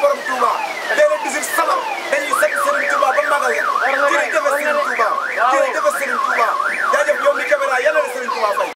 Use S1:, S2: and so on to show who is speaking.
S1: borom Touba léeg-léeg 18 safar dañuy sant Serigne Touba ba magal jërëjëf Serigne Touba jërëjëf Serigne Touba